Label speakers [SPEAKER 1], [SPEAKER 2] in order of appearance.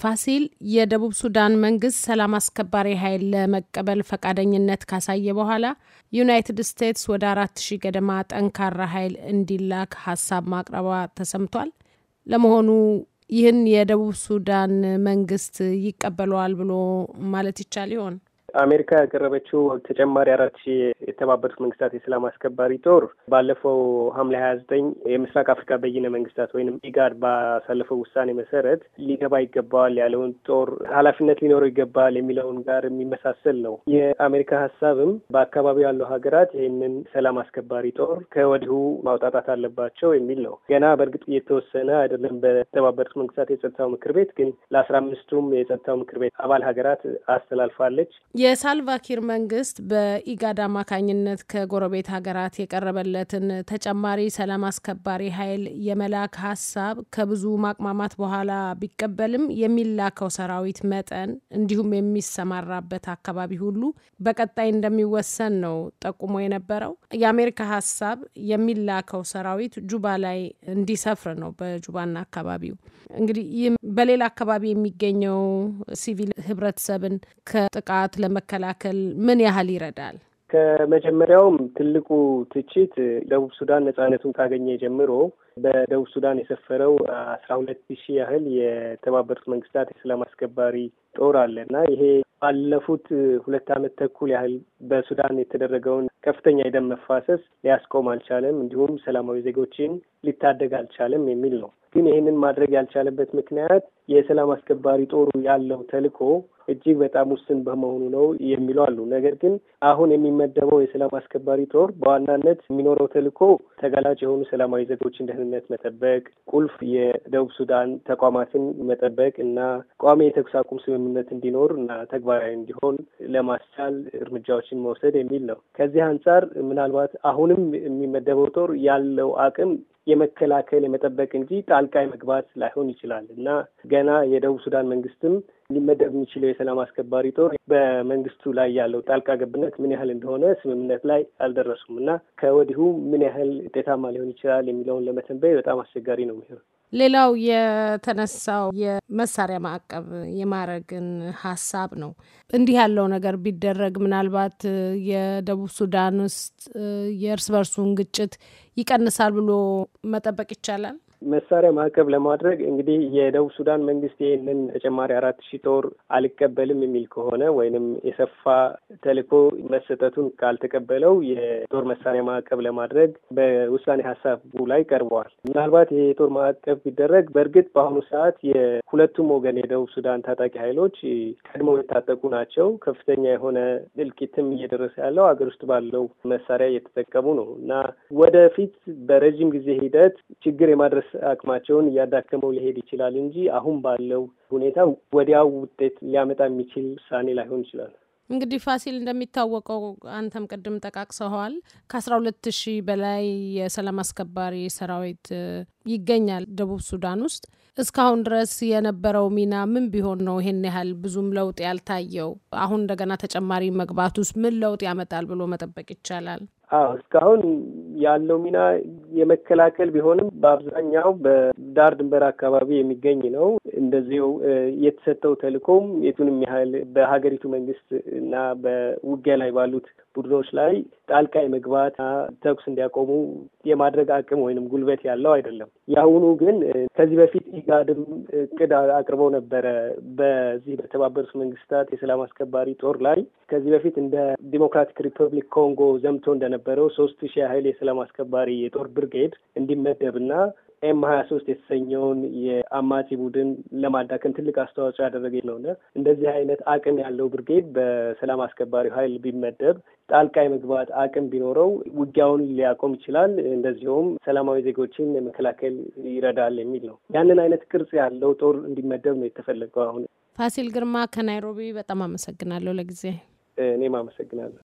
[SPEAKER 1] ፋሲል የደቡብ ሱዳን መንግስት ሰላም አስከባሪ ኃይል ለመቀበል ፈቃደኝነት ካሳየ በኋላ ዩናይትድ ስቴትስ ወደ አራት ሺህ ገደማ ጠንካራ ኃይል እንዲላክ ሀሳብ ማቅረቧ ተሰምቷል። ለመሆኑ ይህን የደቡብ ሱዳን መንግስት ይቀበለዋል ብሎ ማለት ይቻል ይሆን?
[SPEAKER 2] አሜሪካ ያቀረበችው ተጨማሪ አራት ሺህ የተባበሩት መንግስታት የሰላም አስከባሪ ጦር ባለፈው ሐምሌ ሀያ ዘጠኝ የምስራቅ አፍሪካ በይነ መንግስታት ወይም ኢጋድ ባሳለፈው ውሳኔ መሰረት ሊገባ ይገባዋል ያለውን ጦር ኃላፊነት ሊኖረው ይገባል የሚለውን ጋር የሚመሳሰል ነው። የአሜሪካ ሀሳብም በአካባቢው ያለው ሀገራት ይህንን ሰላም አስከባሪ ጦር ከወዲሁ ማውጣጣት አለባቸው የሚል ነው። ገና በእርግጥ እየተወሰነ አይደለም በተባበሩት መንግስታት የጸጥታው ምክር ቤት ግን ለአስራ አምስቱም የጸጥታው ምክር ቤት አባል ሀገራት አስተላልፋለች።
[SPEAKER 1] የሳልቫኪር መንግስት በኢጋድ አማካኝነት ከጎረቤት ሀገራት የቀረበለትን ተጨማሪ ሰላም አስከባሪ ኃይል የመላክ ሀሳብ ከብዙ ማቅማማት በኋላ ቢቀበልም የሚላከው ሰራዊት መጠን እንዲሁም የሚሰማራበት አካባቢ ሁሉ በቀጣይ እንደሚወሰን ነው ጠቁሞ የነበረው። የአሜሪካ ሀሳብ የሚላከው ሰራዊት ጁባ ላይ እንዲሰፍር ነው፣ በጁባና አካባቢው። እንግዲህ ይህ በሌላ አካባቢ የሚገኘው ሲቪል ህብረተሰብን ከጥቃት ለመከላከል ምን ያህል ይረዳል?
[SPEAKER 2] ከመጀመሪያውም ትልቁ ትችት ደቡብ ሱዳን ነጻነቱን ካገኘ ጀምሮ በደቡብ ሱዳን የሰፈረው አስራ ሁለት ሺህ ያህል የተባበሩት መንግስታት የሰላም አስከባሪ ጦር አለ እና ይሄ ባለፉት ሁለት ዓመት ተኩል ያህል በሱዳን የተደረገውን ከፍተኛ የደም መፋሰስ ሊያስቆም አልቻለም፣ እንዲሁም ሰላማዊ ዜጎችን ሊታደግ አልቻለም የሚል ነው። ግን ይህንን ማድረግ ያልቻለበት ምክንያት የሰላም አስከባሪ ጦሩ ያለው ተልዕኮ እጅግ በጣም ውስን በመሆኑ ነው የሚሉ አሉ። ነገር ግን አሁን የሚመደበው የሰላም አስከባሪ ጦር በዋናነት የሚኖረው ተልዕኮ ተጋላጭ የሆኑ ሰላማዊ ዜጎችን ደህንነት መጠበቅ፣ ቁልፍ የደቡብ ሱዳን ተቋማትን መጠበቅ እና ቋሚ የተኩስ አቁም ስምምነት ስምምነት እንዲኖር እና ተግባራዊ እንዲሆን ለማስቻል እርምጃዎችን መውሰድ የሚል ነው። ከዚህ አንጻር ምናልባት አሁንም የሚመደበው ጦር ያለው አቅም የመከላከል የመጠበቅ እንጂ ጣልቃ መግባት ላይሆን ይችላል እና ገና የደቡብ ሱዳን መንግስትም ሊመደብ የሚችለው የሰላም አስከባሪ ጦር በመንግስቱ ላይ ያለው ጣልቃ ገብነት ምን ያህል እንደሆነ ስምምነት ላይ አልደረሱም እና ከወዲሁ ምን ያህል ውጤታማ ሊሆን ይችላል የሚለውን ለመተንበይ በጣም አስቸጋሪ ነው ሚሆን
[SPEAKER 1] ሌላው የተነሳው የመሳሪያ ማዕቀብ የማድረግን ሀሳብ ነው። እንዲህ ያለው ነገር ቢደረግ ምናልባት የደቡብ ሱዳን ውስጥ የእርስ በርሱን ግጭት ይቀንሳል ብሎ መጠበቅ ይቻላል።
[SPEAKER 2] መሳሪያ ማዕቀብ ለማድረግ እንግዲህ የደቡብ ሱዳን መንግስት ይህንን ተጨማሪ አራት ሺህ ጦር አልቀበልም የሚል ከሆነ ወይንም የሰፋ ተልኮ መሰጠቱን ካልተቀበለው የጦር መሳሪያ ማዕቀብ ለማድረግ በውሳኔ ሀሳቡ ላይ ቀርበዋል። ምናልባት ይህ የጦር ማዕቀብ ቢደረግ በእርግጥ በአሁኑ ሰዓት የሁለቱም ወገን የደቡብ ሱዳን ታጣቂ ኃይሎች ቀድመው የታጠቁ ናቸው። ከፍተኛ የሆነ እልቂትም እየደረሰ ያለው ሀገር ውስጥ ባለው መሳሪያ እየተጠቀሙ ነው እና ወደፊት በረዥም ጊዜ ሂደት ችግር የማድረስ አቅማቸውን እያዳከመው ሊሄድ ይችላል እንጂ አሁን ባለው ሁኔታ ወዲያው ውጤት ሊያመጣ የሚችል ውሳኔ ላይሆን ይችላል።
[SPEAKER 1] እንግዲህ ፋሲል፣ እንደሚታወቀው አንተም ቅድም ጠቃቅሰዋል ከአስራ ሁለት ሺህ በላይ የሰላም አስከባሪ ሰራዊት ይገኛል ደቡብ ሱዳን ውስጥ። እስካሁን ድረስ የነበረው ሚና ምን ቢሆን ነው ይሄን ያህል ብዙም ለውጥ ያልታየው? አሁን እንደገና ተጨማሪ መግባት ውስጥ ምን ለውጥ ያመጣል ብሎ መጠበቅ ይቻላል?
[SPEAKER 2] አዎ እስካሁን ያለው ሚና የመከላከል ቢሆንም በአብዛኛው በዳር ድንበር አካባቢ የሚገኝ ነው። እንደዚሁ የተሰጠው ተልእኮም የቱንም ያህል በሀገሪቱ መንግስት እና በውጊያ ላይ ባሉት ቡድኖች ላይ ጣልቃ የመግባት ተኩስ እንዲያቆሙ የማድረግ አቅም ወይንም ጉልበት ያለው አይደለም። የአሁኑ ግን ከዚህ በፊት ኢጋድም እቅድ አቅርበው ነበረ በዚህ በተባበሩት መንግስታት የሰላም አስከባሪ ጦር ላይ ከዚህ በፊት እንደ ዲሞክራቲክ ሪፐብሊክ ኮንጎ ዘምቶ እንደነበረው ሶስት ሺህ ያህል የሰላም አስከባሪ የጦር ብርጌድ እንዲመደብና ኤም ሀያ ሶስት የተሰኘውን የአማጺ ቡድን ለማዳከም ትልቅ አስተዋጽኦ ያደረገ ነውነ እንደዚህ አይነት አቅም ያለው ብርጌድ በሰላም አስከባሪ ኃይል ቢመደብ ጣልቃ የመግባት አቅም ቢኖረው ውጊያውን ሊያቆም ይችላል። እንደዚሁም ሰላማዊ ዜጎችን መከላከል ይረዳል የሚል ነው። ያንን አይነት ቅርጽ ያለው ጦር እንዲመደብ ነው የተፈለገው። አሁን
[SPEAKER 1] ፋሲል ግርማ ከናይሮቢ በጣም አመሰግናለሁ። ለጊዜ
[SPEAKER 2] እኔም አመሰግናለሁ።